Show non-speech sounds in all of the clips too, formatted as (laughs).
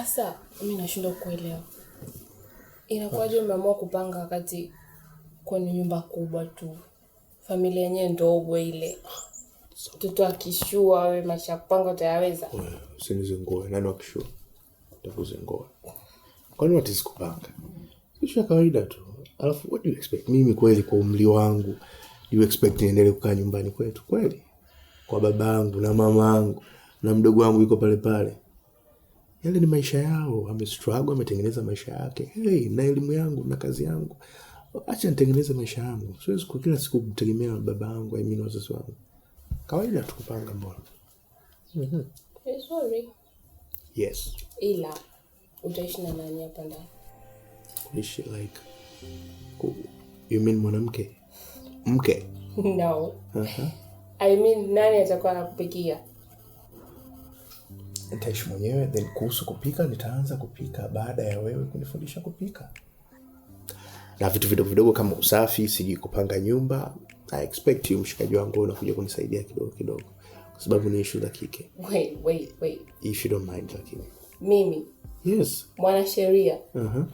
Hasa mi nashindwa kuelewa inakuwaje umeamua kupanga wakati kwenye nyumba kubwa tu, familia yenyewe ndogo ile, mtoto akishua, we maisha kupanga utayaweza? Usinizingue, nani wakishua takuzingoa? Kwani wati sikupanga ishu ya kawaida tu. Alafu what do you expect mimi kweli, kwa umri wangu you expect niendelee kukaa nyumbani kwetu kweli, kwa baba yangu na mama yangu na mdogo wangu yuko pale pale yale ni maisha yao, amestruggle, ametengeneza maisha yake. Hey, na elimu yangu na kazi yangu, acha nitengeneze maisha yangu. Siwezi so, kila siku kutegemea baba yangu I mean, wazazi wangu. Kawaida tukupanga mbona. mm-hmm. Yes. Ila utaishi na nani hapa ndani? Kuishi like you mean mwanamke mke? (laughs) No. uh-huh. I mean, nani atakuwa anakupikia nitaishi mwenyewe. Then kuhusu kupika, nitaanza kupika baada ya wewe kunifundisha kupika na vitu vidogo vidogo kama usafi, sijui kupanga nyumba. I expect mshikaji wangu unakuja kunisaidia kidogo kidogo, kwa sababu ni issue za kike. Wait, wait, wait, if you don't mind. Lakini mimi yes, mwanasheria uh-huh.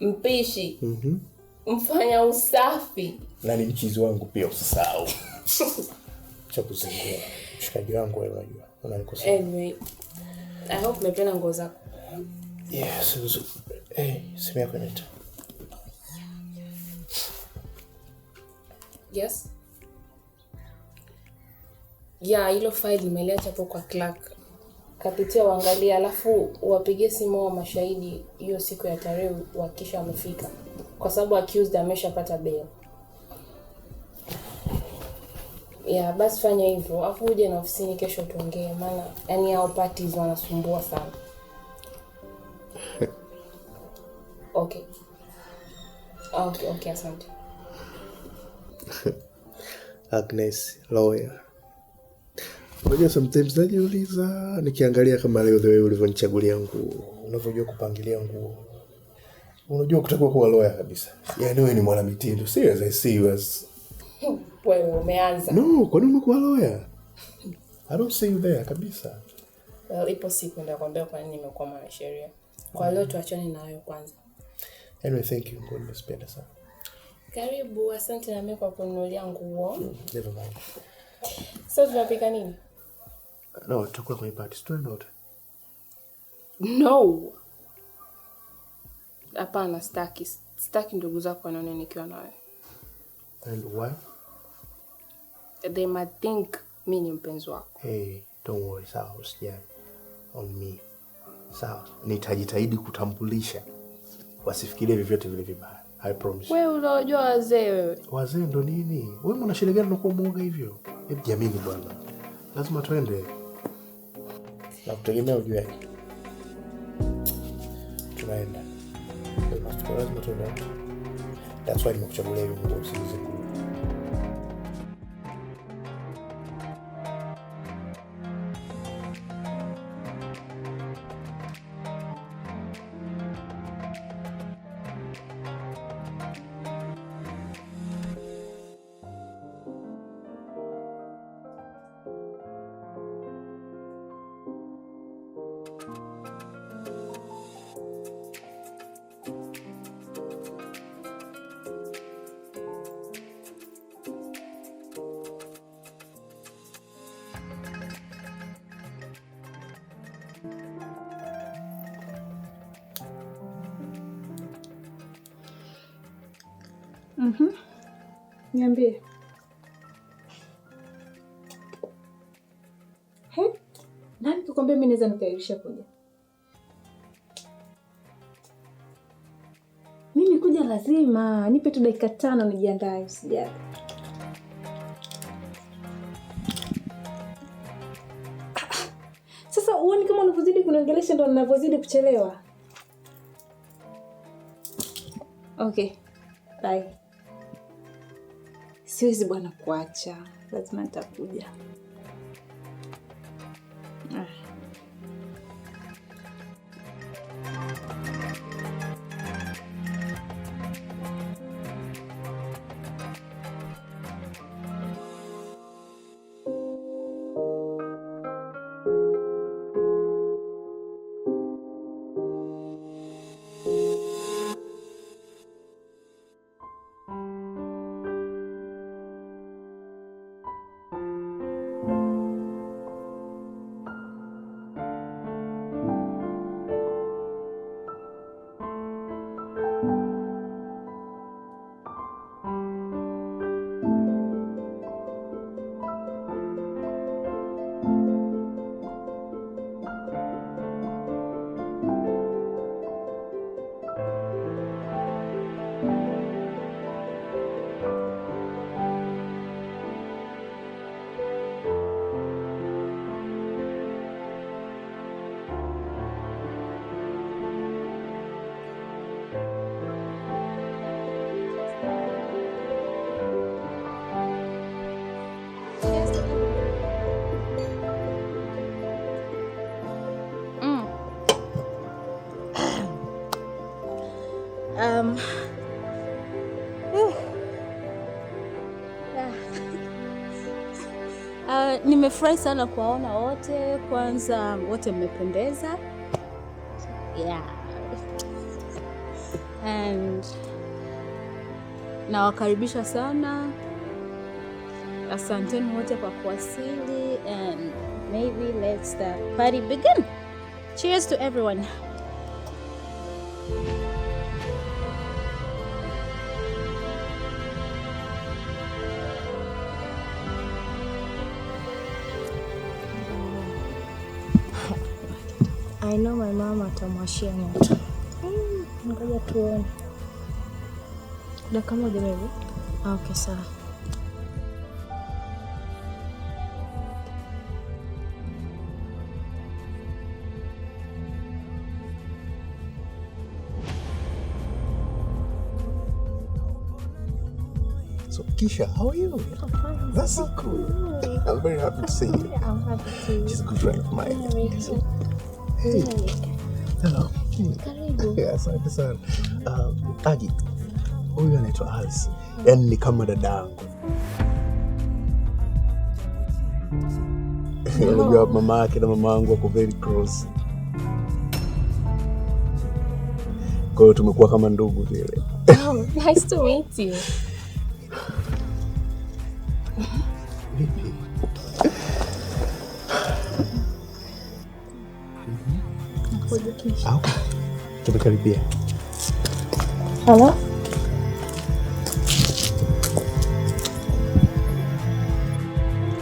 mpishi mm mfanya usafi na ni mchizi wangu pia, usisahau (laughs) cha kuzingua mshikaji wangu, wewe unajua unanikosea anyway. I hope umependa nguo zako. Yes, nzuri. Eh, simu yako inaita. Yes. Yeah, hilo file nimeliacha hapo kwa clerk. Kapitia uangalie, alafu wapigie simu wa mashahidi hiyo siku ya tarehe, uhakikisha wamefika, kwa sababu accused ameshapata bail ya basi fanya hivyo, afu uje na ofisini kesho tuongee, maana yani hao parties wanasumbua sana. (laughs) Okay. Okay, okay, asante. (laughs) Agnes lawyer. Unajua sometimes najiuliza nikiangalia kama leo the way ulivyonichagulia nguo, unavyojua kupangilia nguo. Unajua kutakuwa kuwa lawyer kabisa. Yaani wewe ni mwanamitindo, serious, as wewe umeanza. No, kwa nini uko loya? I don't see you there kabisa. Well, ipo siku kwa nini nimekuwa mwanasheria. Kwa leo mm. tuachane kwanza. Anyway, thank you. sana. Karibu, asante na mimi kwa kununulia nguo. Mm, never mind. So tunapika nini? No, tutakula kwenye party, No. Hapana, staki. Staki ndugu zako wanaone nikiwa nawe. And why? they might think mi ni mpenzi wako. Hey, don't worry, sawa, usijali on me. Sawa, nitajitahidi kutambulisha wasifikirie vyovyote vile vibaya. I promise. Wewe unajua wazee wewe. Wazee ndo nini? Wewe shule gani unakuwa mwoga hivyo. Hebu jamini bwana. Lazima twende. Na kutegemea ujue. Tunaenda. Lazima tunaenda. That's why nimekuchagulia hivi nguo usizi. Mhm. Niambie. He? Nani kukwambia mimi naweza nikairisha kuja? Mimi kuja lazima, nipe tu dakika tano nijiandae usijali. Sasa uone kama unavyozidi kuniongelesha ndo ninavyozidi kuchelewa. Okay. Bye siwezi bwana kuacha, lazima nitakuja. Um, uh, (sighs) (laughs) nimefurahi sana kuwaona wote. Kwanza wote mmependeza, yeah. And nawakaribisha sana, asanteni wote kwa kuwasili, and maybe let's the party begin. Cheers to everyone. I know my mama atamwashia moto. Mm, ngoja tuone dakika moja baby. Okay, sawa. So, Keisha, how are you? I'm oh, fine. That's so cool. I'm very happy to see you. Yeah, I'm happy to. see you. She's a good friend of mine. Yeah, Hey. Asante sana. Um, Agi, huyu anaitwa Alice. Yaani ni kama dadangu. (laughs) Unajua mama yake na mama wangu wako very close. Kwa hiyo tumekuwa kama ndugu vile. Oh, nice to meet you. Tumekaribia. Halo.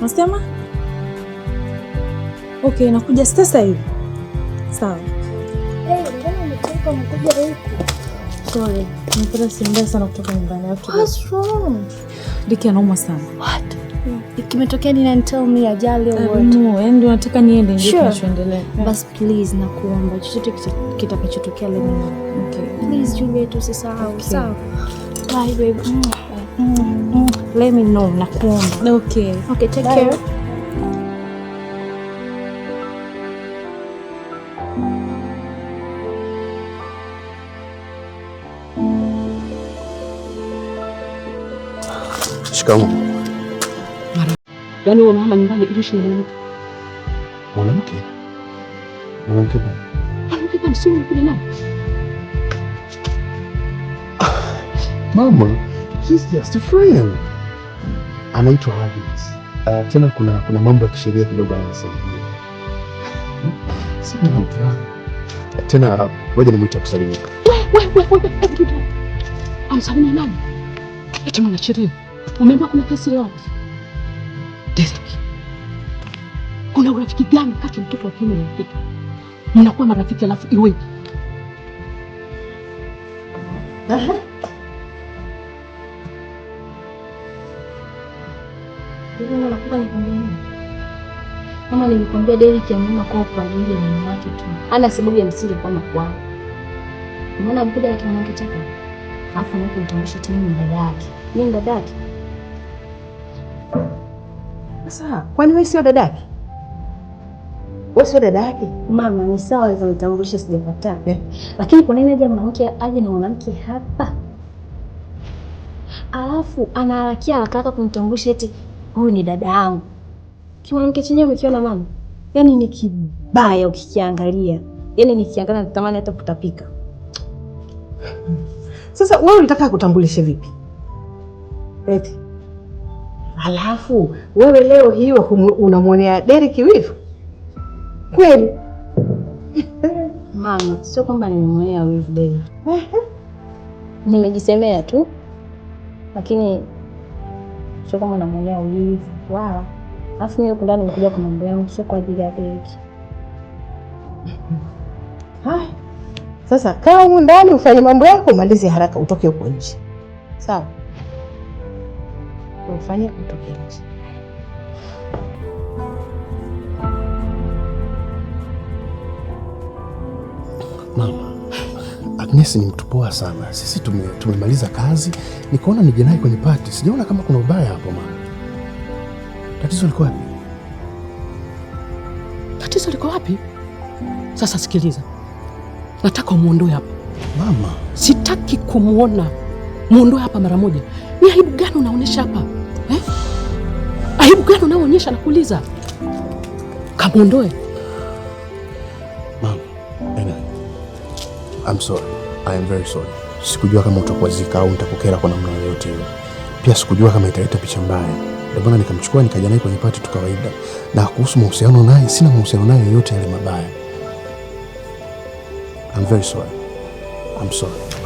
Nasema? Okay, nakuja sasa hivi. Sawa. Sorry, nimepata simu sana kutoka nyumbani. What's wrong? Diki anauma sana. What? Mm. Kimetokea nini and tell me ajali or what? No, mm, and unataka niende ndio tunachoendelea. Bas please nakuomba chochote kitakachotokea let me mm. know. Okay. Please Juliet usisahau. Sawa. Bye babe. Let me know nakuomba. Okay. Okay, take Bye. care. Shikamoo. Yaani huyo mama nyumbani ili shule yangu. Mwanamke? Mwanamke bwana. Mwanamke bwana sio mkubwa na. (sighs) Mama, he's just a friend. Anaitwa Agnes. Uh, tena kuna kuna mambo ya kisheria kidogo anasaidia. Sio (sighs) mtu. Tena ngoja nimuite kusalimia. Wewe wewe wewe Amsalimia nani? Eti mwanasheria. Umeambiwa kuna kesi leo. Destiny, kuna urafiki gani kati mtoto wa kiume na mtoto? Mnakuwa marafiki alafu iweje? Kama nilikwambia Derrick ameona kwa familia na mume wake tu. Hana sababu ya msingi kwa makwao. Unaona mpira wa kimangi chaka. Alafu nakumtambulisha tena ni dada yake. Ni dada yake. Sawa, kwani wewe sio dada yake? Wewe sio dada yake? Mama, ni sawa hizo mtambulisho sijakataa. Yeah. Lakini kwa nini aje mwanamke aje na mwanamke hapa? Alafu anaharakia haraka kumtambulisha eti huyu ni dada yangu. Kimwanamke chenyewe ukiona mama, yaani ni kibaya ukikiangalia. Yaani nikiangalia natamani hata kutapika. Sasa wewe unataka kutambulisha vipi? Eti alafu wewe leo hiyo unamwonea Derek wivu kweli? (laughs) Mama, sio kwamba nimemwonea wivu Derek, nimejisemea tu, lakini sio kwamba namwonea wivu wala Alafu mimi huko ndani nimekuja kwa mambo yangu, sio kwa ajili ya Derek. (laughs) Hai. Sasa kaa huko ndani ufanye mambo yako, umalize haraka utoke huko nje, sawa? kumfanya utoke nje. Mama, Agnes ni mtu poa sana. Sisi tumemaliza tume kazi, nikaona nije naye kwenye pati, sijaona kama kuna ubaya hapo. Mama, tatizo liko wapi? Tatizo liko wapi? Sasa sikiliza, nataka umwondoe hapa mama. Sitaki kumwona, mwondoe hapa mara moja. Ni aibu gani unaonyesha hapa? eh? Aibu gani na kuuliza? kamuondoe mama. I'm sorry. I am very sorry. Sikujua kama utakuazika au nitakukera kwa namna yoyote hiyo. Pia sikujua kama italeta picha mbaya, ndio maana nikamchukua nikaja naye kwenye party tu kawaida. Na kuhusu mahusiano naye, sina mahusiano naye yoyote yale mabaya. I'm very sorry. I'm sorry.